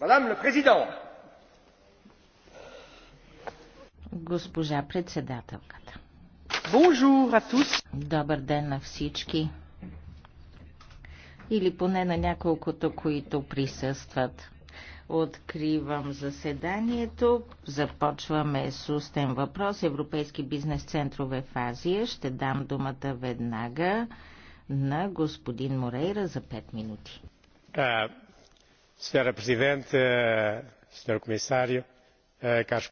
Мадам ле президент! Госпожа председателката. Бонжур а Добър ден на всички! Или поне на няколкото, които присъстват. Откривам заседанието. Започваме с устен въпрос. Европейски бизнес центрове в Азия. Ще дам думата веднага на господин Морейра за 5 минути. Е, senhora presidente senhor comissário caros colegas